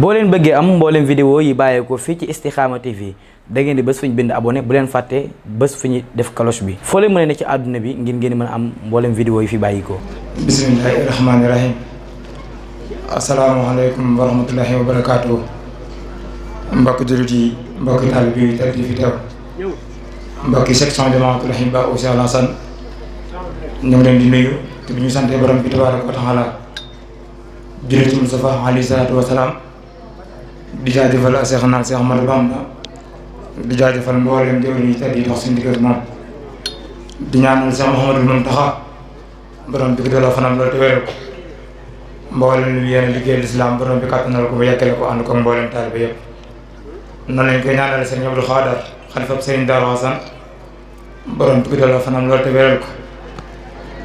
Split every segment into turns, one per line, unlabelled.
boo leen bëggee am mbooleem vidéo yi bàyyeekoo fii ci Istikhama TV da ngeen di bés fu ñu bind abonné bu leen fàtte bés fu ñu def cloche bi foo leen mën a ne ci àdduna bi ngir ngeen mën am mbooleem vidéo yi fi bàyyikoo bismillahi rahmaani rahim asalaamaaleykum wa rahmatullahi wa barakaatu mbokk jullit yi mbokk taalib yi teg di mbokki section Jamaahirul Ahibaa aussi àlansan ñu ngi leen di nuyu te bi ñu sante borom bi tabaaraka wa taala jullit di jaajëfal ak Cheikh naa Cheikh Ahmadou di jaajëfal mboolem jëwriñ yi tedd yi dox suñu diggante moom di ñaanal Cheikh bi ko delloo fanam loolu te wéeru bi kàttanal ko ba yekkale ko ànd ko mboolem taaliba yëpp noonu lañ koy ñaanal Serigne Abdou Khadar xalifab Serigne Darou Hassane borom bi ko delloo fanam loolu te wéeru ko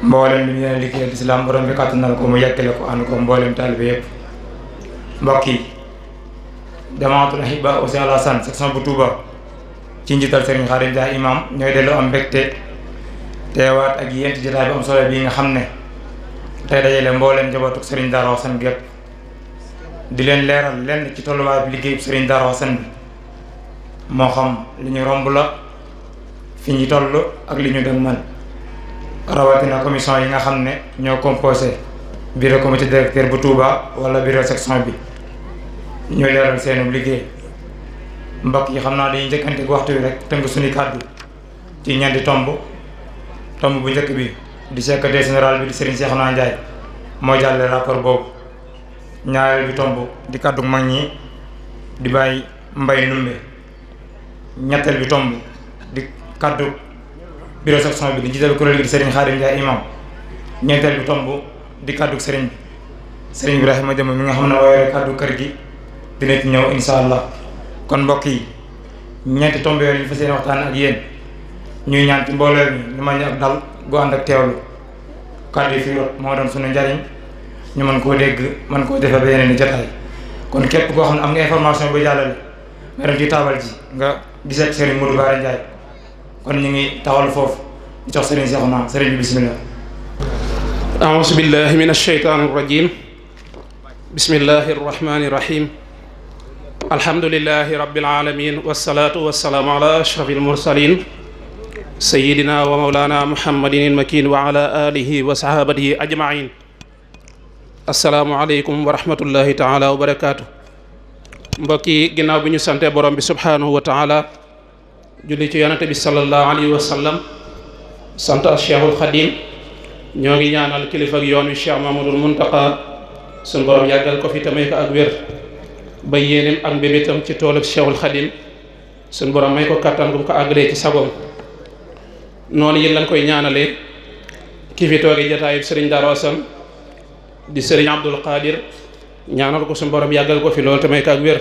mboolem lu yéen liggéey lislaam borom bi kàttanal ko mu yekkale ko ànd ko mboolem taaliba yëpp mbokk yi Jamaatul Ahibba aussi Alassane section bu Touba ci njiital Serigne Khadim Dia imam ñooy dellu am mbégte teewaat ak yéen ci jotaay bi am solo bii nga xam ne tey dajale mbooleem njabootu Serigne Darou Hassane gépp di leen leeral lenn ci tolluwaay bi liggéeyu Serigne Darou Hassane bi moo xam li ñu romb la fi ñu toll ak li ñu dem man na commission yi nga xam ne ñoo composé bureau comité directeur bu Touba wala bureau section bi. ñu leeral seenu liggéey mbokk yi xam naa dañuy njëkkante waxtu wi rek tënk suñu kàddu ci ñeenti tomb tomb bu njëkk bi di secrétaire général bi di Serigne Cheikhouna Ndiaye moo jàlle rapport boobu ñaareel bi tomb di kàddu mag ñi di bàyyi mbay ñetteel bi tomb di kàddu bureau section bi di jiital kuréel gi di Serigne Khadim Ndiaye imam ñeenteel bi tomb di kàddu sëriñ bi Serigne ma Jëmm mi nga xam ne waaye kàddu kër gi dina ci ñëw insha kon mbokk yi ñeenti tomb yooyu ñu fas yéene waxtaan ak ñuy ñaan ci mbooloo mi ñu mën ak dal gu ànd ak teewlu kàddu yi moo doon suñu njariñ ñu mën koo dégg mën koo defee ba yeneen i jotaay kon képp koo xam ne am nga information bu jàllale nga dem ci taabal ji nga gisee Serigne Modou Bara jaay kon ñu ngi tawal foofu di jox Serigne Cheikhouna Serigne bi bismillah
a'uuzu billahi min ash-shaytaani rajiim bismillahi rahmaani rahiim alhamdulilahi rabbil alamin wasalaatu wasalaamu ala ashraf almursalin sayidina wa maulana muhammadin almakin wa ala alihi wa sahabatihi ajmain asalaamu aleykum wa rahmatullahi taala wa barakaatu mbokk yi ginnaaw bi ñu sante borom bi subhanahu wa taala julli ci yonante bi salallahu alayhi wa sallam sant al cheikhul xadim ñoo ngi ñaanal kilifa ak yoon wi cheikh mahmadul muntaqa suñu borom yàggal ko fi tamay ko ak wér ba yéeneem ak mbébétam ci toolub Cheikhul Khadim suñ borom may ko kattan gum ko àggalee ci sagoom noonu yéen lañ koy ñaanalee kii fi toogee jataayub sëriñ Darou Assane di sëriñ Abdul Qadir ñaanal ko suñ borom yàggal ko fi loolu te may ko ak wér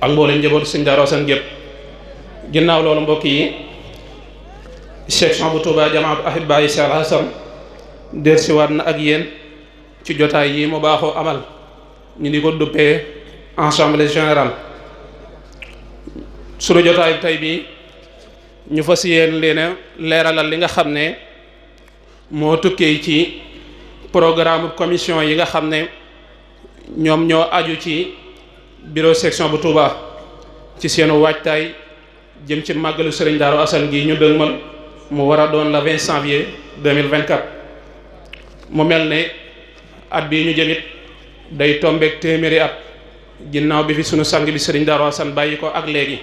ak mboolem njabootu sëriñ Darou Assane ginnaaw loolu mbokk yi section bu Touba jamaatu ahibaayi Cheikh Assane dellusiwaat na ak yéen ci jotaay yi mu baaxoo amal ñu di ko duppee assemblée général sunu jotaayu tey bii ñu fas yéen leen a leeralal li nga xam ne moo tukkee ci programme commission yi nga xam ne ñoom ñoo aju ci bureau section bu Touba ci seenu waajtaay jëm ci màggalu Serigne Darou Assane gi ñu dëgmal mu war a doon la 20 janvier 2024 mu mel ne at bi ñu jëmit day tombeek téeméeri at ginnaaw bi fi suñu sang bi sëriñ Darou Assane bàyyi ko ak léegi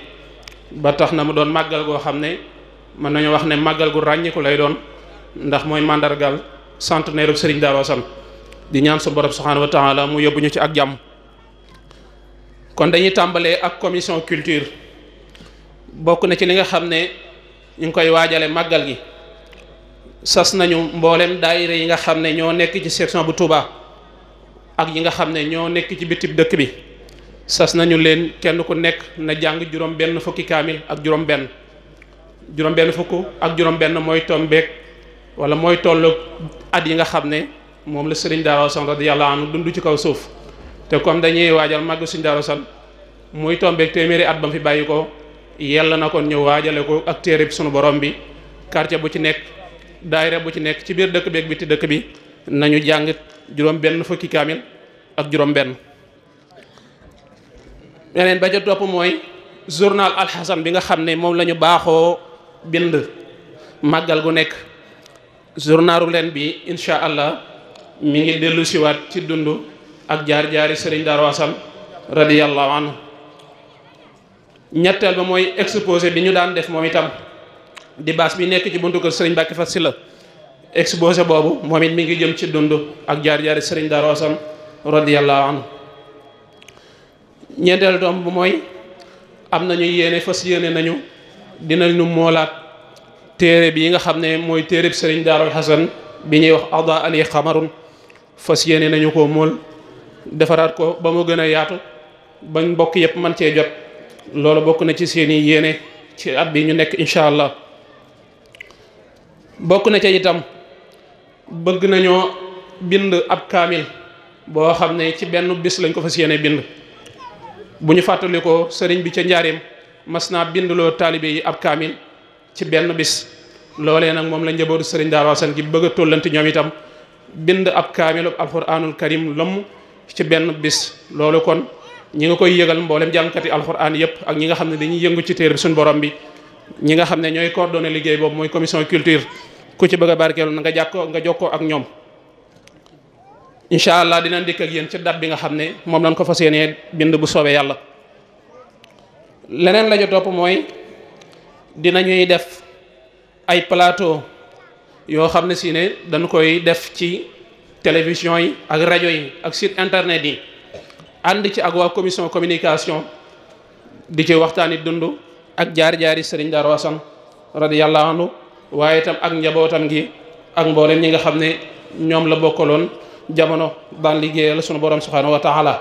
ba tax na mu doon màggal goo xam ne mën nañu wax ne màggal gu ràññiku lay doon ndax mooy màndargal centenaire bu sëriñ Darou di ñaan su borom subhanahu wa taala mu yóbbu ñu ci ak jàmm kon dañuy tàmbalee ak commission culture bokk na ci li nga xam ne ñu ngi koy waajale màggal gi sas nañu mboolem daayira yi nga xam ne ñoo nekk ci section bu Touba ak yi nga xam ne ñoo nekk ci bitib dëkk bi sas nañu leen kenn ku nekk na jàng juróom benn fukki kaamil ak juróom benn juróom benn fukk ak juróom benn mooy tombeek wala mooy tolloog at yi nga xam ne moom la sëriñ Darou Assane yàlla anhu dundu ci kaw suuf te comme dañuy waajal màgg sëriñ Darou muy tombeek téeméeri at ba fi bàyyi ko yella na kon ñu waajale ko ak téere bi sunu borom bi kàrte bu ci nekk daayira bu ci nekk ci biir dëkk beeg bi ti dëkk bi nañu jàng juróom benn fukki kaamil ak juróom beneen ba ca topp mooy journal alxasan bi nga xam ne moom lañu ñu baaxoo bind màggal gu nekk journalu leen bi incha allah mi ngi dellu siwaat ci dund ak jaar-jaari sëriñ Darou Assane radiyallahu ñetteel ba mooy exposé bi ñu daan def moom itam di baas bi nekk ci buntu kër sëriñ fas si la exposé boobu moom it mi ngi jëm ci dund ak jaar-jaari sëriñ Darou Assane radiyallahu anhu ñeenteel doom bu mooy am nañu yéene fas yéene nañu dinañu moolaat téere bi yi nga xam ne mooy téereb sëriñ daarul xasan bi ñuy wax ada ali xamarun fas yéene nañu ko mool defaraat ko ba mu gën a yaatu ba mbokk yëpp man cee jot loolu bokk na ci seeni yéene ci at bi ñu nekk incha allah bokk na ca itam bëgg nañoo bind ab kaamil boo xam ne ci benn bis lañ ko fas yéene bind bu ñu fàttali ko sëriñ bi ca njaareem mas naa loo taalibe yi ab kaamil ci benn bis loolee nag moom la njabootu sëriñ Daaru Asan gi bëgg a tollanti ñoom itam bind ab kaamil alxuraanul karim lomm ci benn bis loolu kon ñi nga koy yëgal mboolem jàngkati alxuraan yëpp ak ñi nga xam ne dañuy yëngu ci téer bi suñ borom bi ñi nga xam ne ñooy coordonné liggéey boobu mooy commission culture ku ci bëgg a barkeelu nga jàkkoo nga ko ak ñoom incha allah dinañ dikk ak yéen ci date bi nga xam ne moom lañ ko fas yéenee bind bu soobee yàlla leneen la ñu topp mooy dinañuy def ay plateau yoo xam ne si ne dañ koy def ci télévision yi ak rajo yi ak site internet yi ànd ci ak waa commission communication di ci waxtaani dund ak jaar-jaari sëriñ Darou Assane radiyallahu anhu waaye itam ak njabootam gi ak mboolem ñi nga xam ne ñoom la bokkaloon jamono daan liggéeyal sunu borom subhanahu wa taala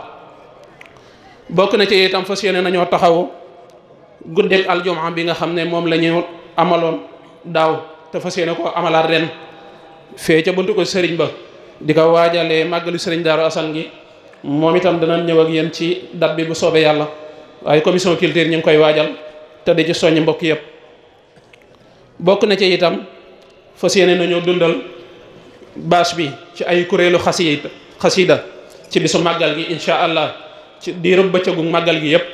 bokk na ci itam fas yéene nañoo taxaw guddeeg aljumaa bi nga xam ne moom lañu amaloon daaw te fas yéene ko amalaat ren fee ca buntu ko sëriñ ba di ko waajalee màggalu sëriñ Daaru Asan gi moom itam danañ ñëw ak yéen ci date bi bu soobee yàlla waaye commission culture ñu ngi koy waajal te di ci soññ mbokk yëpp bokk na ci itam fas yéene nañoo dundal bâche bi ci ay kuréelu xasida xasida ci bisu màggal gi incha allah ci diirub bëccëgu màggal gi yépp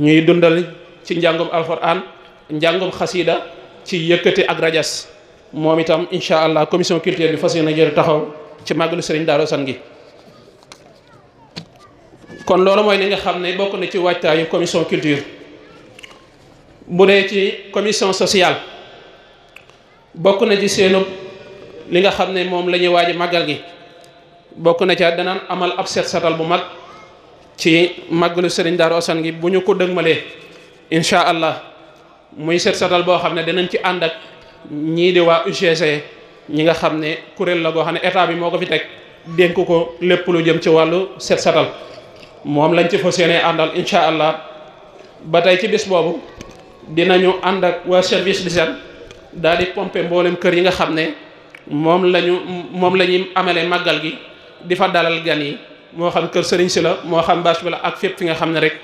ñuy dundal ci njàngum alquran njàngum xasiida ci yëkkati ak rajas moom itam incha allah commission culture bi fas yéene jëri taxaw ci màggalu sëriñ Darou Assane gi kon loolu mooy li nga xam ne bokk na ci waajtaayu commission culture bu dee ci commission sociale bokk na ci seenu li nga xam ne moom la ñuy waaje màggal gi bokk na ca danaan amal ab set satal bu mag ci màggalu sëriñ Daaru Asan gi bu ñu ko dëgmalee incha allah muy set satal boo xam ne danañ ci ànd ak ñii di waa UGC ñi nga xam ne kuréel la goo xam ne état bi moo ko fi teg dénk ko lépp lu jëm ci wàllu set satal moom lañ ci fas yéene àndal incha allah ba tey ci bis boobu dinañu ànd ak waa service d'hygiène daal di pompe mboolem kër yi nga xam ne. moom lañu moom la ñuy amale màggal gi di fa dalal gan yi moo xam kër sëriñ si la moo xam bâche la ak fépp fi nga xam ne rek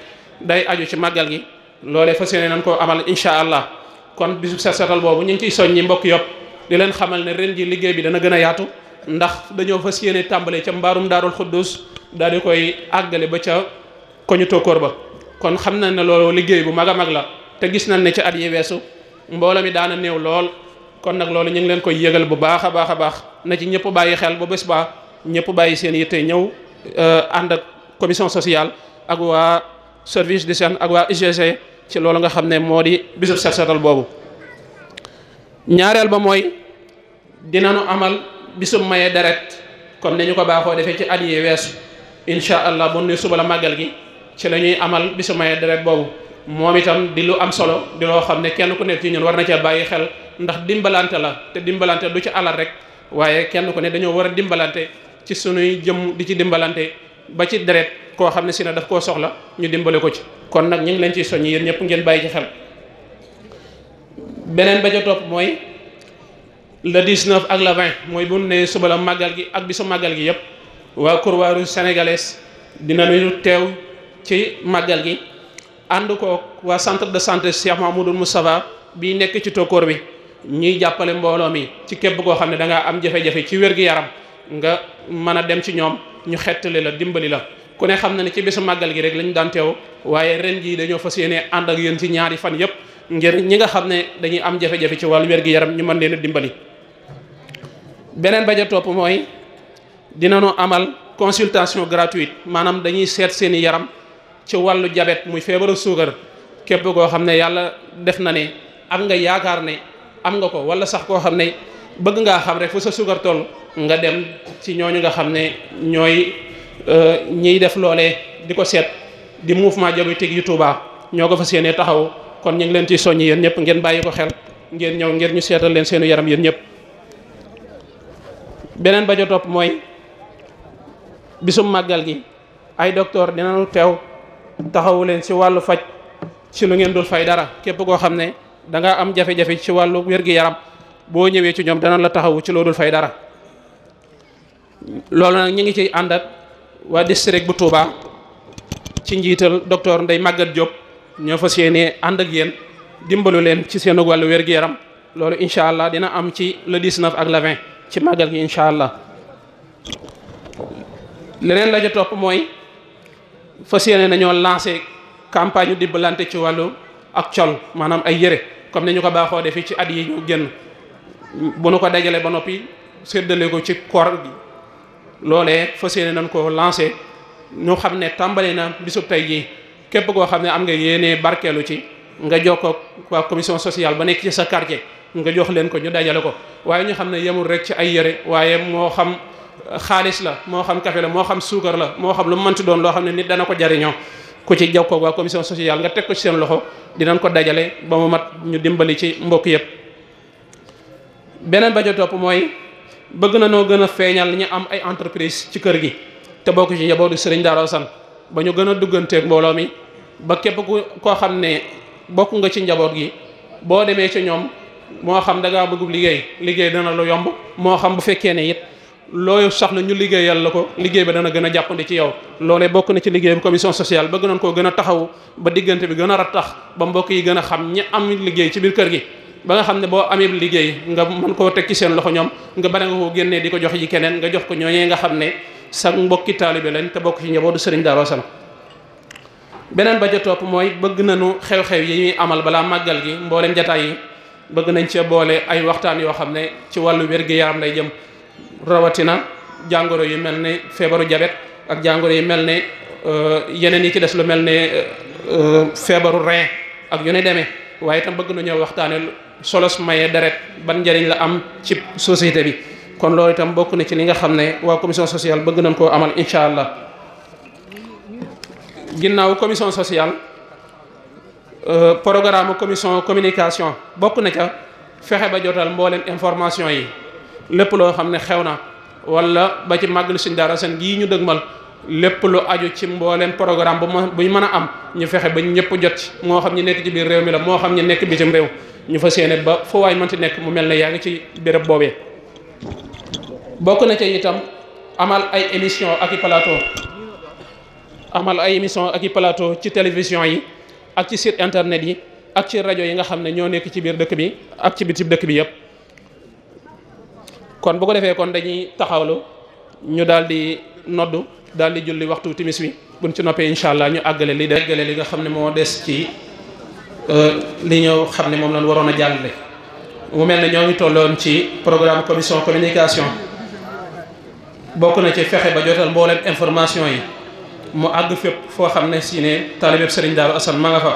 day aju ci màggal gi loole fas yéene nañ koo amal incha allah kon bisu set setal boobu ñu ngi ciy soññi mbokk yopp di leen xamal ne ren ji liggéey bi dana gën a yaatu ndax dañoo fas yéene tàmbale ca mbaarum daarul xuddus daal di koy àggale ba ca koñu tokkoor ba kon xam nañ ne loolu liggéey bu mag a mag la te gis nañ ne ci at yi weesu mbooloo mi daana néew lool kon nag loolu ñu ngi leen koy yëgal bu baax a baax a baax na ci ñëpp bàyyi xel bu bés baa ñëpp bàyyi seen yitte ñëw euh, ànd ak commission sociale ak waa service d'hygiène ak waa UGC ci loolu nga xam ne moo di bisub set setal boobu ñaareel ba mooy nu amal bisub mayee deret comme ni ñu ko baaxoo defee ci at yi weesu incha allah bu nuy suba la màggal gi ci la ñuy amal bisu maye deret boobu moom itam di lu am solo di loo xam ne kenn ku nekk ci ñun war na cee bàyyi xel ndax dimbalante la te dimbalante du ci alal rek waaye kenn ku ne dañoo war a dimbalante ci suñuy jëm di ci dimbalante ba ci deret koo xam ne si ne daf koo soxla ñu dimbale ko ci kon nag ñu ngi leen ciy soññ yéen ñëpp ngeen bàyyi ci xel beneen ba ca mooy le 19 ak le 20 mooy bu ne suba la màggal gi ak bi su màggal gi yëpp waa Croix-Rouge sénégalaise dinañu teew ci màggal gi ànd ko waa centre de santé Cheikh Mahmoudou Moustapha bi nekk ci tokkoor bi ñuy jàppale mbooloo mi ci képp koo xam ne da am jafe-jafe ci wér yaram nga mën a dem ci ñoom ñu xettali la dimbali la ku ne xam na ne ci bésu màggal gi rek lañu daan teew waaye ren jii dañoo fas yéene ànd ak yéen ci ñaari fan yépp ngir ñi nga xam ne dañuy am jafe-jafe ci wàllu wér yaram ñu mën leen a dimbali beneen ba ja topp mooy dina dinañu amal consultation gratuite maanaam dañuy seet seeni yaram ci wàllu jabet muy feebaru suukar képp koo xam ne yàlla def na ne ne am nga ko wala sax koo xam ne bëgg ngaa xam rek fu sa suukar toll nga dem ci ñooñu nga xam ne ñooy euh, ñiy def loole di ko seet di mouvement diabétique yu Touba ñoo ko fa yéenee taxaw kon ñu ngi leen ciy soññi yéen ñëpp ngeen bàyyi ko xel ngeen ñëw ngeen ñu seetal leen seenu yaram yéen ñëpp. beneen ba jo mooy bisum màggal gi ay docteur dinañu teew taxawu leen ci wàllu faj ci lu ngeen dul fay dara képp koo xam ne. da nga am jafe-jafe ci wàllu wér-gi-yaram boo ñëwee ci ñoom dana la taxawu ci loolu fay dara loolu nag ñu ngi ciy ànd ak waa district bu Touba ci njiital docteur Ndeye màggat Diop ñoo fas yéenee ànd ak yéen dimbalu leen ci seen wàllu wér-gi-yaram loolu incha allah dina am ci le 19 ak le 20 ci màggat gi incha allah leneen la ca topp mooy fas yéene nañoo lancé campagne dimbalante ci wàllu ak col maanaam ay yére. comme ni ñu ko baaxoo defee ci at yi ñu génn bu nu ko dajalee ba noppi séddale ko ci koor gi loolee fas yéene nañ ko lancé ñu xam ne tàmbali na bisub tey jii képp koo xam ne am nga yéene barkeelu ci nga jokkoo waa commission sociale ba nekk ci sa quartier nga jox leen ko ñu dajale ko waaye ñu xam ne yemul rek ci ay yére waaye moo xam xaalis la moo xam café la moo xam suukar la moo xam lu mënti doon loo xam ne nit dana ko jariñoo ku ci jaww koog waa commission sociale nga teg ko ci seen loxo dinañ ko dajale ba mu mat ñu dimbali ci mbokk yëpp. beneen ba topp mooy bëgg na noo gën a feeñal ñu am ay entreprise ci kër gi te bokk ci njabootu sëriñ Darou ba ñu gën a dugganteeg mbooloo mi ba képp ku koo xam ne bokk nga ci njaboot gi boo demee ci ñoom moo xam da ngaa bëgg liggéey liggéey dana lu yomb moo xam bu fekkee ne it. looy soxla ñu liggéeyal la ko liggéey ba dana gën a jàppandi ci yow loole bokk na ci liggéey bi commission sociale bëgg nañ koo gën a taxaw ba diggante bi gën a rattax ba mbokk yi gën a xam ñi am liggéey ci biir kër gi ba nga xam ne boo amee liggéey nga mën koo teg ci seen loxo ñoom nga bare nga koo génnee di ko jox yi keneen nga jox ko ñooñee nga xam ne sa mbokki taalibe lañ te bokk ci njabootu sëriñ Darou Assane beneen ba ca mooy bëgg nañu xew-xew yi amal balaa màggal gi mbooleem jataay yi bëgg nañ cee boole ay waxtaan yoo xam ne ci wàllu wér-gi-yaram lay jëm rawatina jàngoro yu mel ne feebaru jabet ak jàngoro yu mel ne euh, yeneen yi ci des lu mel ne euh, feebaru rein ak yu ne demee waaye itam bëgg nañoo waxtaane solos mayee deret ban njëriñ la am ci société bi kon loolu itam bokk na ci li nga xam ne waa commission sociale bëgg nañ koo amal incha allah ginnaaw commission sociale euh, programme commission communication bokk na ca fexe ba jotal mboolem information yi lépp loo xam ne xew na wala ba ci màggalu Sëñ Daara Seen gii ñu mal lépp lu aju ci mboolem programme bu ma buñ mën a am ñu fexe ba ñëpp jot ci moo xam ñi nekk ci biir réew mi la moo xam ñu nekk bitim réew ñu fa yéene ba fu waay mënti nekk mu mel ne yaa ngi ci béréb boobee. bokk na ci itam amal ay émission ak i plateau amal ay émission ak yi plateau ci télévision yi ak ci site internet yi ak ci rajo yi nga xam ne ñoo nekk ci biir dëkk bi ak ci dëkk bi yëpp. kon bu ko defee kon dañuy taxawlu ñu daal di noddu daal di julli waxtu timis wi buñ ci noppee incha allah ñu àggale li déggale li nga xam ne moo des ci euh, li ñëw xam ne moom lañ waroon a jàllale mu mel ne ñoo ngi tolloon ci programme commission communication bokk na ci fexe ba jotal mbooleen information yi mu àgg fépp foo xam ne si ne taalibeb Serigne Darou Assane ma nga fa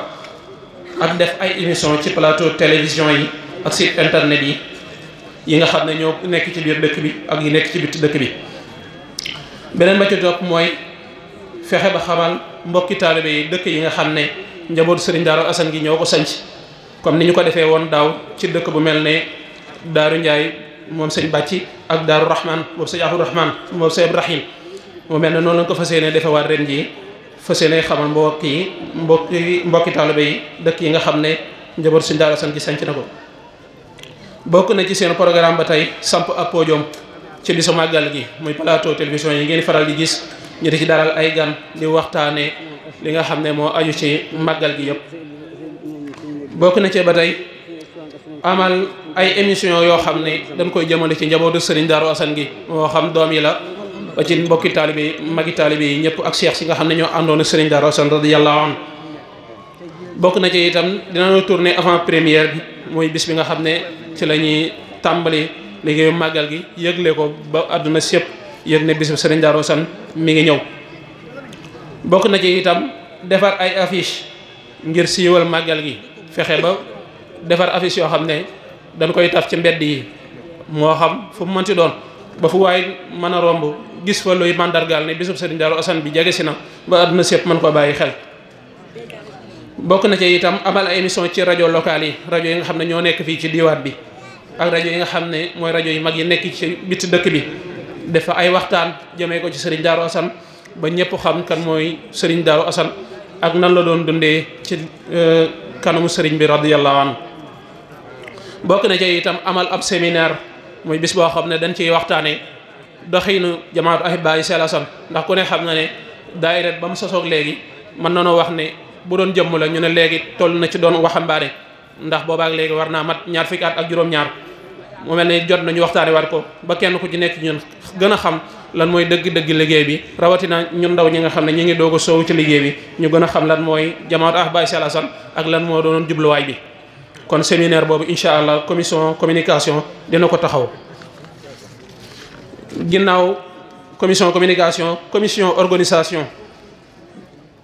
ak def ay émission ci plateau télévision yi ak si internet yi yi nga xam ne ñoo nekk ci biir dëkk bi ak yi nekk ci biti dëkk bi beneen ba ci topp mooy fexe ba xamal mbokki taalibe yi dëkk yi nga xam ne njabootu sëriñ Daaru Asan gi ñoo ko sanc comme ni ñu ko defee woon daaw ci dëkk bu mel ne Daaru Njaay moom sëñ Bàcci ak Daaru Rahman moom sëñ Abdu Rahman moom sëñ Ibrahim mu mel ne noonu lañ ko fas yéene defewaat ren jii fas yéene xamal mbokk yi mbokki yi dëkk yi nga xam ne njabootu sëriñ Daaru Asan gi sanc na ko bokk na ci seen programme ba tey samp ab podium ci bi su màggal gi muy plateau télévision yi ngeen faral di gis ñu di ci dalal ay gan di waxtaanee li nga xam ne moo aju ci màggal gi yëpp. bokk na ci ba tey amal ay émission yoo xam ne dañ koy jëmale ci njabootu sëriñ Darou Assane gi moo xam doom yi la ba ci mbokki taalibe yi magi taalibe yi ñëpp ak cheikh si nga xam ne ñoo àndoon sëriñ Darou Assane radiyallahu anhu bokk na ci itam dinañu tourner avant première bi muy bis bi nga xam ne. ci la ñuy tàmbali liggéeyu màggal gi yëgle ko ba àdduna sépp yëg ne bisub Serigne Darou Assane mi ngi ñëw bokk na ci itam defar ay affiche ngir siiwal màggal gi fexe ba defar affiche yoo xam ne dañ koy taf ci mbedd yi moo xam fu mu mënti doon ba fu waay mën a romb gis fa luy mandargaal ne bisub Serigne Darou Assane bi jege si na ba àdduna sépp mën ko bàyyi xel bokk na ci itam amal ay émission ci rajo locale yi rajo yi nga xam ne ñoo nekk fii ci diwaat bi ak rajo yi nga xam ne mooy rajo yi mag yi nekk ci biti dëkk bi dafa ay waxtaan jëmee ko ci Serigne Darou Assane ba ñëpp xam kan mooy Serigne Darou Assane ak nan la doon dundee ci euh, kanamu sëriñ bi radiyallahu anhu bokk na ci itam amal ab séminaire mooy bis boo xam ne dañ ciy waxtaanee doxiinu jamaatu ahibaa yi Sëriñ Assane ku ne xam na ne daayira ba mu sosoog léegi mën nañoo wax ne bu doon jëmm la ñu ne léegi toll na ci doon waxambaane ndax boobaak léegi war naa mat ñaar fukki at ak juróom-ñaar. moo mel ne jot nañu waxtaane waat ko ba kenn ku ci nekk ñun gën a xam lan mooy dëgg-dëgg liggéey bi rawatina ñu ndaw ñi nga xam ne ñu ngi doog a soowu ci liggéey bi ñu gën a xam lan mooy jamaat ah Baye Sall Assane ak lan moo doonoon jubluwaay bi kon séminaire boobu incha allah commission communication dina ko taxaw ginnaaw commission communication commission organisation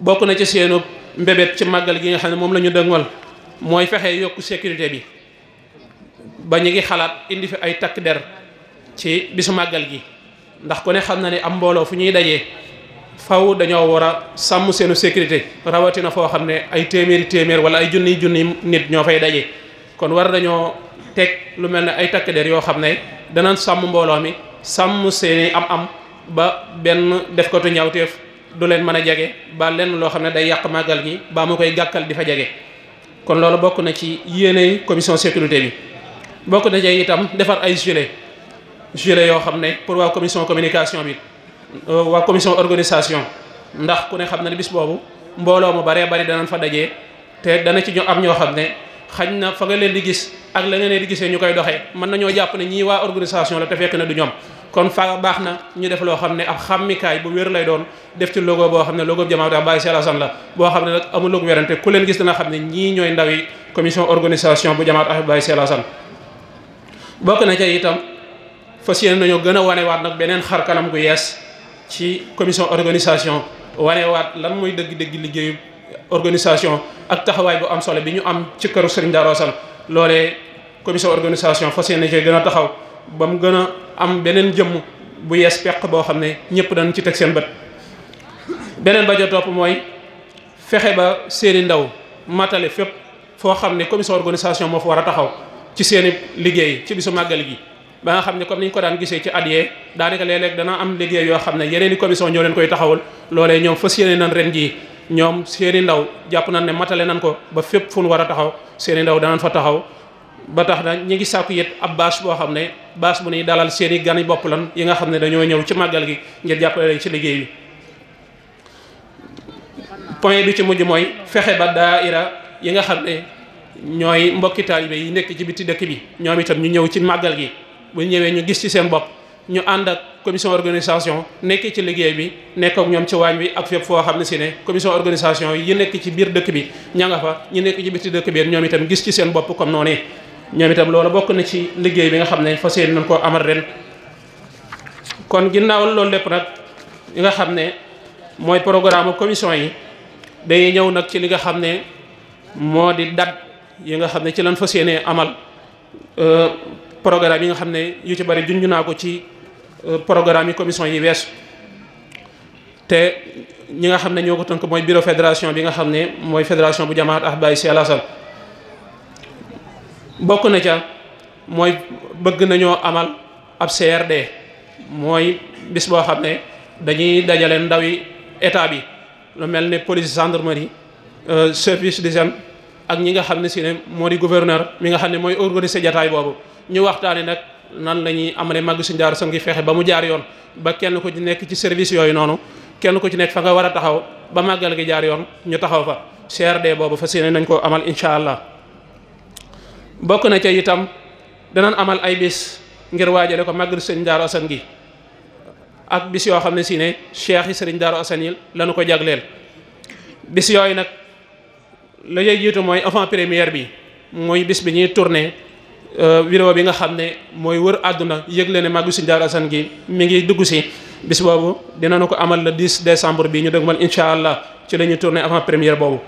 bokk na ci seenu mbébét ci màggal gi nga xam ne moom la ñu dëngal mooy fexe yokk sécurité bi ba ñu ngi xalaat indi fi ay takk der ci bisu màggal gi ndax ko ne xam na ne am mbooloo fu ñuy dajee faw dañoo war a sàmm seenu sécurité rawatina foo xam ne ay téeméeri téeméer wala ay junniy junni nit ñoo fay daje kon war dañoo teg lu mel ne ay takk der yoo xam ne danañ sàmm mbooloo mi sàmm seeni am-am ba benn def ko tu ñawteef du leen mën a jege ba lenn loo xam ne day yàq màggal gi ba mu koy gàkkal di fa jege kon loolu bokk na ci yéeney commission sécurité bi. bokk na ci itam defar ay gilet gilet yoo xam ne pour waa commission communication bi euh, waa commission organisation ndax ku ne xam na ne bis boobu mbooloo mu baree bari danañ fa dajee te dana ci ñu am ñoo xam ne xañ na fa nga leen di gis ak la nga leen di gisee ñu koy doxee mën nañoo jàpp ne ñii waa organisation la te fekk na du ñoom kon fa baax na ñu def loo xam ne ab xàmmikaay bu wér lay doon def ci logo boo xam ne logo Jamahiratoul Ahbab Baye Cheikh Alassane xam ne nag amul lu werante ku leen ne ñii ñooy ndaw yi commission bu Jamahiratoul Ahbab Baye Cheikh Alassane bokk na ca itam fas yéene nañoo gën a wanewaat nag beneen xar kanam gu yees ci commission organisation wanewaat lan mooy dëgg-dëgg liggéeyu organisation ak taxawaay bu am solo bi ñu am ci këru Serigne Darou Assane commission organisation fas yéene cee gën a taxaw ba mu gën a am beneen jëmm bu yees peq boo xam ne ñëpp dañ ci teg seen bët beneen ba jo topp mooy fexe ba seeni ndaw matale fépp foo xam ne commission organisation moo fa war a taxaw ci seen liggéey ci bisu màggal gi ba nga xam ne comme ni ñu ko daan gisee ci at yee daanaka léeg dana am liggéey yoo xam ne yeneen i commission ñoo leen koy taxawal loolee ñoom fa yéene nan ren jii ñoom seen i ndaw jàpp nañ ne matale nañ ko ba fépp fu nu war a taxaw seen i ndaw danañ fa taxaw ba tax na ñi ngi sàkku yit ab bâche boo xam ne bâche bu ñuy dalal seen i gan yi bopp lan yi nga xam ne dañoo ñëw ci màggal gi ngir jàppale lañ ci liggéey bi point bi ci mujj mooy fexe ba daaira yi nga xam ne ñooy mbokki taalibe yi nekk ci biti dëkk bi ñoom itam ñu ñëw ci màggal gi bu ñëwee ñu gis ci seen bopp ñu ànd ak commission organisation nekk ci liggéey bi nekk ak ñoom ci waañ bi ak fépp foo xam ne si ne commission organisation yi nekk ci biir dëkk bi ña nga fa ñu nekk ci biti dëkk bi ñoom itam gis ci seen bopp comme noonu ñoom itam loolu bokk na ci liggéey bi nga xam ne fas yéene nañ koo amal ren kon ginnaaw loolu lépp nag li nga xam ne mooy programme commission yi dañuy ñëw nag ci li nga xam ne moo di dat yi nga xam ne ci lan fa yéenee amal euh, programme yi nga xam ne yu ci bari junj naa ko ci euh, programme yi commission yi weesu te ñi nga xam ne ñoo ko tënk mooy bureau fédération bi nga xam ne mooy fédération bu jamaat ahbaay si alasan bokk na ca mooy bëgg nañoo amal ab CRD mooy bis boo xam ne dañuy dajale ndawi état bi lu mel ne police gendarmerie euh, service d'hygiène ak ñi nga xam ne si ne moo di gouverneur mi nga xam ne mooy organiser jataay boobu ñu waxtaanee nag nan la ñuy amalee màgg suñ daaru sam ngi fexe ba mu jaar yoon ba kenn ko ci nekk ci service yooyu noonu kenn ku ci nekk fa nga war a taxaw ba màggal gi jaar yoon ñu taxaw fa CRD boobu fas yéene nañ ko amal incha allah bokk na ca itam danañ amal ay bis ngir waajale ko màgg sëñ daaru asan gi ak bis yoo xam ne si ne cheikh yi sëriñ daaru asan yi lañu ko jagleel bis la ñuy jiitu mooy avant première bi mooy bis bi ñuy tourné euh, vidéo bi nga xam ne mooy wër àdduna yëgle ne màggu Sëriñ Daaru Asan gi mi ngi dugg si bis boobu dinañu ko amal le 10 décembre bi ñu dëgmal incha allah ci la ñuy tourné avant première boobu.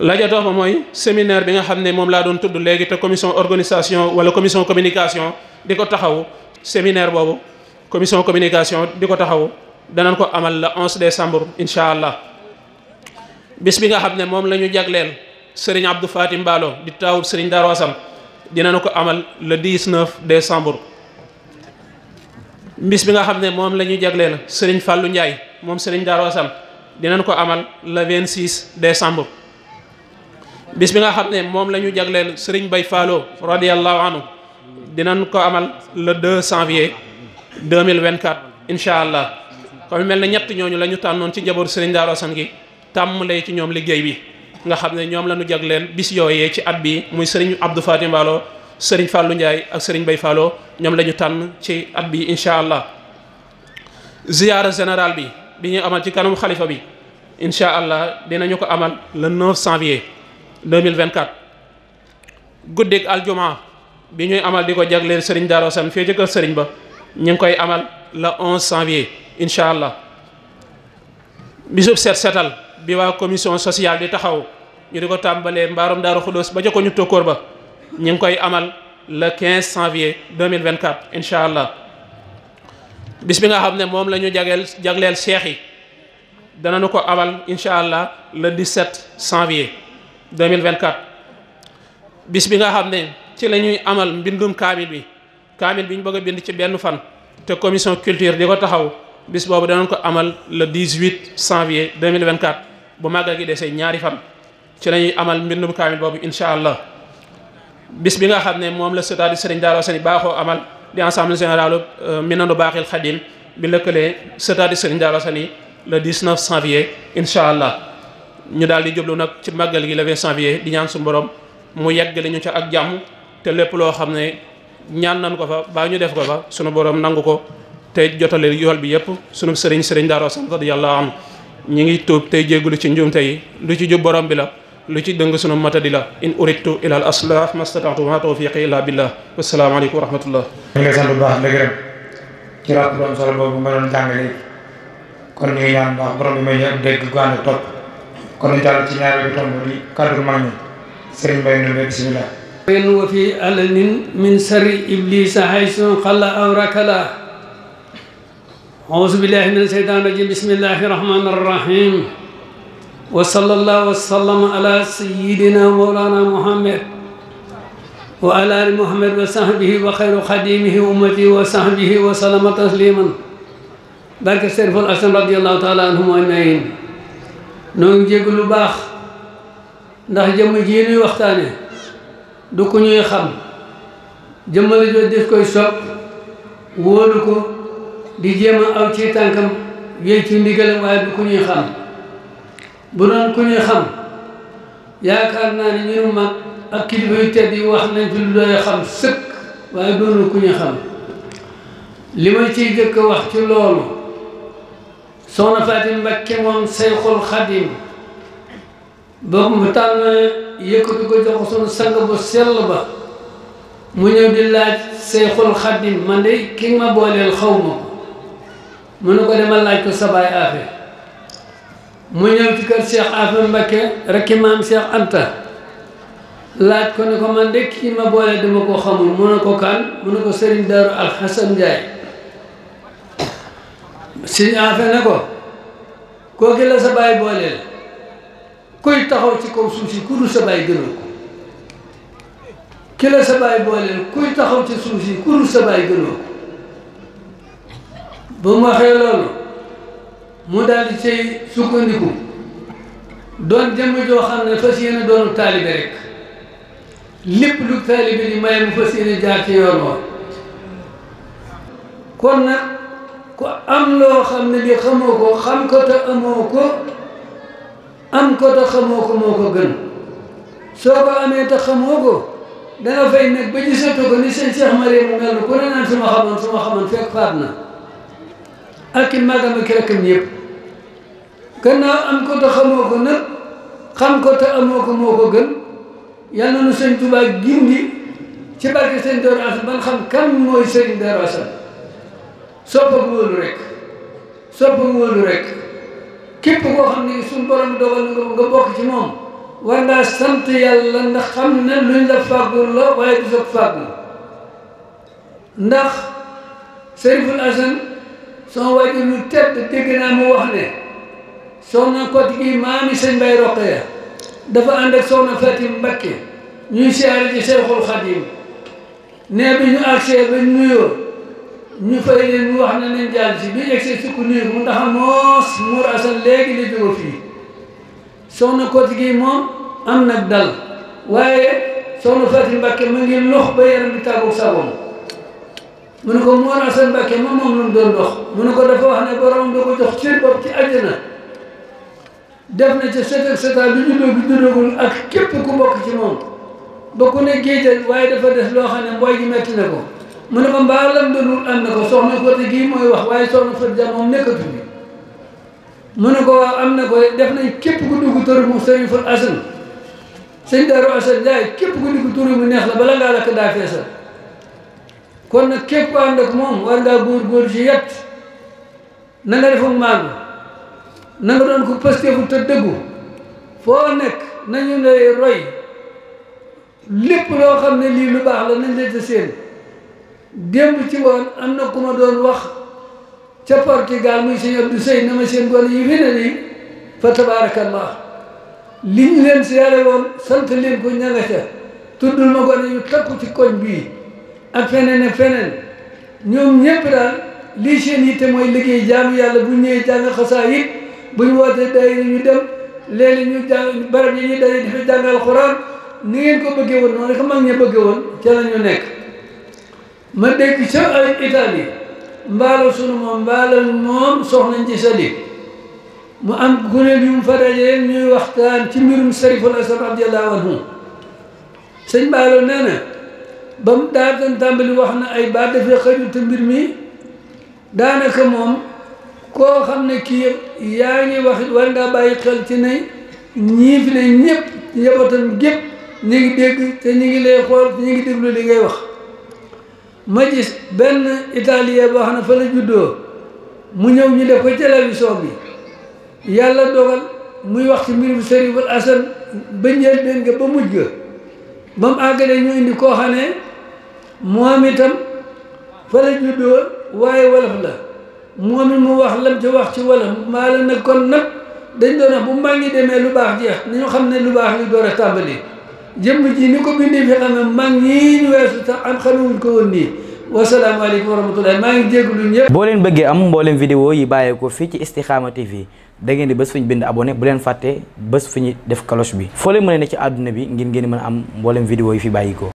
la ja mooy séminaire bi nga xam ne moom laa doon tudd léegi te commission organisation wala commission communication di ko taxaw séminaire boobu commission communication di ko taxaw danañ ko amal le 11 décembre incha allah. bis bi nga xam ne moom la ñu jagleel sëriñ Abdou Fatim Mballo di taawub sëriñ Darou Assane nu ko amal le 19 décembre bis bi nga xam ne moom la ñu jagleel sëriñ Fallou Ndiaye moom sëriñ Darou dinañ ko amal le 26 décembre bis bi nga xam ne moom la ñu jagleel sëriñ Bay Fallo radiallahu anhu dinañ ko amal le 2 janvier 2024 incha allah comme mel na ñett ñooñu la ñu tànnoon ci njaboot sëriñ Darou gi tàmmalee ci ñoom liggéey bi nga xam ne ñoom la ñu jagleen bis yooyee ci at bi muy sëriñ Abdou Fatim Mballo sëriñ Fallou Ndiaye ak sëriñ Bay Fallou ñoom la ñu tànn ci at bi incha allah ziyaara général bi bi ñuy amal ci kanam xalifa bi incha allah dinañu ko amal le 9 janvier 2024 guddik aljuma bi ñuy amal di ko jagleel sëriñ Darou Assane fii ci kër ba ñu ngi koy amal le 11 janvier incha allah bisub set setal bi waa commission sociale di taxaw ñu di ko tàmbalee mbaarum daaru xudóos ba jokko ñu tokkoor ba ñu ngi koy amal le 15 janvier 2024 incha allah bis bi nga xam ne moom la ñu jageel jagleel seex yi nu ko amal incha allah le 17 janvier 2024 bis bi nga xam ne ci la ñuy amal mbindum kaamil bi kaamil bi ñu bëgg a bind ci benn fan te commission culture di ko taxaw bis boobu danañ ko amal le 18 janvier 2024 bu màggal gi desee ñaari fan ci lañuy amal mbindum kaamil boobu incha allah bis bi nga xam ne moom la sëtaat di sëriñ Darou Sani baaxoo amal di ensemble général euh, Minanu Baaxil Xadim bi lëkkalee sëtaat di sëriñ Darou Sani le 19 janvier incha allah ñu daal di jublu nag ci màggal gi la 20 janvier di ñaan suñu borom mu yeggali ñu ca ak jàmm te lépp loo xam ne ñaan nañ ko fa baa ñu def ko fa suñu borom nangu ko te jotale yool bi yëpp sunu sëriñ sëriñ Darou Sani radiyallahu anhu ñi ngi tuub tey jéggulu ci njuumte yi lu ci jub borom bi la lu ci dëng sunu matadi la in uridtu ila al aslah mastata'tu ma tawfiqi illa billah wasalaamu aleykum wa rahmatullah
ñu ngi lay sant bu baax la gërëm ci raat bu am solo boobu nga doon jàng léegi kon ñu ngi ñaan baax borom bi may ñu ak dégg gu ànd topp kon ñu
jàll ci ñaari bi tomb di kaddu mag ñi sëriñ Mbay nu mbee bismillah wa fi alanin min sari iblisa haysun xala aw rakala أعوذ بالله من الشيطان الرجيم بسم الله الرحمن الرحيم وصلى الله وسلم على سيدنا مولانا محمد وعلى آل محمد وصحبه وخير خديمه أمتي وصحبه وسلم تسليما barke Serigne Fall Assane radiyallahu taala anhum ajmaïn noo ngi jégg lu baax ndax jëmm ji nuy waxtaane du ku ñuy xam jëmm la jot def koy sopp wóolu ko di jéem a aw ci tànkam wéy ci ndigalam waaye du ku ñuy xam bu doon ku ñuy xam yaakaar naa ni ñun mag ak kilifa yu tedd yi wax nañ fi lu doy xam sëkk waaye doonul ku ñuy xam li ma ciy jëkk wax ci loolu soxna Fatim Mbakke moom Seyxul Xadim ba mu tànn yëkkati ko jox sunu sang sell ba mu ñëw di laaj Seyxul Xadim man de ki ma booleel xaw ma mu ne ko demal laaj ko sabaay Afe mu ñëw ci kër Cheikh Afe Mbakke rekki maam Cheikh Anta laaj ko ne ko man de kii ma boole dama ko xamul mu ne ko kan mu ne ko Serigne Darou Alxasan Ndiaye Serigne Afe ne ko kooku la sa booleel kuy taxaw ci kaw suuf si ku dul sa baay gënal ko ki la sa baay booleel kuy taxaw ci suuf si ku dul sa baay gënal ko ba mu waxee loolu mu daal di sukkandiku doon jëmm joo xam ne fas yéene doonu taalibe rek lépp lu taalibe di maye mu fas yéene jaar ci yoon wa kon nag ku am loo xam ne li xamoo ko xam ko te amoo ko am ko te xamoo ko moo ko gën soo ko amee te xamoo ko da nga fay nekk ba gisatu ko ni seen Cheikh Mariam mu mel ku ne naan su xamoon su xamoon fekk faat na ak i magam ak i rakkam yëpp gannaaw am ko te xamoo ko nag xam ko te amoo ko moo ko gën yal nu sëñ Tuubaa gindi ci barke sëñ Daaru Asan ban xam kan mooy sëñ Daaru Asan sopp ak wóolu rek képp koo xam ne suñu borom dogal nga bokk ci moom war ngaa sant yàlla ndax xam ne luñ la fàggul la waaye du soog fàggu ndax Seyful Asan sama waajur lu tedd dégg naa mu wax ne soxna Koti gi maami sëñ Bay Roqaya dafa ànd ak soxna Fatim Mbakke ñuy siyaare ci Seexul Xadiim ne bi ñu agsee ba ñu nuyoo ñu fay leen wax na leen jàll si bi egsee sukk nuyu mu ndax moos muur asal léegi li jóge fii na Koti gi moom am nag dal waaye soxna Fatim Mbakke mu ngi lox ba yaram bi tàggu sagoom mu ne ko Mawla Sën Mbacke moom moom lu mu doon dox mu ne ko dafa wax ne borom doo ko jox cër bopp ci àjjana def na ci set ak setaan ñu doon bi dundagul ak képp ku bokk ci moom ba ku ne géejal waaye dafa des loo xam ne mbooy gi metti na ko mu ne ko mbaa lam doonul am na ko soxna côté gii mooy wax waaye soxna Fatou Dia moom nekkatu bi mu ne ko waaw am na ko def nañ képp ku dugg turu mu sëriñ Fatou Assane sëñ Darou Assane Ndiaye képp ku dugg turu mu neex la bala ngaa lakk daa feesal kon nag képp ànd ak moom war góor-góor ci yett na nga defoon maandu na nga doon ko pastefu foo nekk nañu lay roy lépp loo xam ne lii lu baax la nañ la seen démb ci woon am na ku doon wax ca Portugal muy sëñ Abdou Sey na ma seen gone yi fi ne nii fa tabaarakallah li leen si yàlla woon sant leen ko ña nga ca tuddul ma gone yu takku ci koñ bii ak feneen ak feneen ñoom ñëpp daal lii seen yitte mooy liggéey jaamu yàlla bu ñëwee jàng xasaa it bu ñu wootee day ñu dem léeg-léeg ñu jàng barab yi ñu day dafa jàng alxuraan ni ngeen ko bëggee woon noonu xam mag ña bëgge woon ca la ñu nekk ma dégg ca ay Italie mbaalo sunu moom mbaalo moom soxnañ ci sali mu am kuréel yu mu fa dajee ñuy waxtaan ci mbirum Sariful Aslam radiyallahu anhu sëñ mbaalo nee na ba mu daatan tàmbali wax na ay ba dafee xëju te mbir mi daanaka moom koo xam ne kii yaa ngi wax war ngaa bàyyi xel ci ne ñii fi ne ñëpp njabootam gépp ñu ngi dégg xool te ñu ngi déglu li ngay wax ma gis benn italien boo xam ne fa la juddoo mu ñëw ñu def ko télévision bi yàlla dogal muy wax ci mbirum Serigne Assane ba njëlbeen nga ba mujj ga ba mu àggalee ñu indi koo xam ne moom tam fa la juddoo waaye wolof la moom it mu wax lam ci wax ci wolof maa la nag kon nag dañ doon wax bu maa ngi demee lu baax jeex nañu xam ne lu baax li door a tàmbali jëmm ji ni ko bindee fi xam ne mag ñii ñu weesu sax am xamuñ ko woon nii wasalaamaaleykum wa rahmatulah maa ngi jégalu ñëpp.
boo leen bëggee am mboolem vidéo yi bàyyeekoo fii ci Istikhama fii da ngeen di bés fu ñu bind abonné bu leen fàttee bés fu ñu def cloche bi foo leen mën ne ci àdduna bi ngir ngeen mën am mboolem vidéo yi fi bàyyikoo